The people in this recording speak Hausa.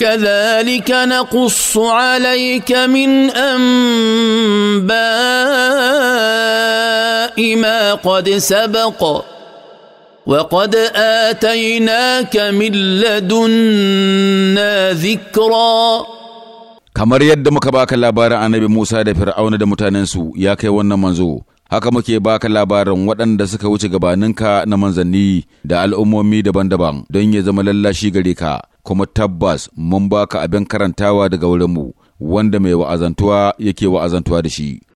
كذلك نقص عليك من انباء ما قد سبق وقد اتيناك من لدنا ذكرا kamar yadda muka baka labarin annabi Musa da Fir'auna da mutanensu ya kai wannan manzo haka muke baka labarin waɗanda suka wuce gabaninka na manzanni da al'ummomi daban-daban don ya zama lallashi gare ka kuma tabbas mun baka abin karantawa daga wurinmu wanda mai wa'azantuwa yake wa'azantuwa da shi.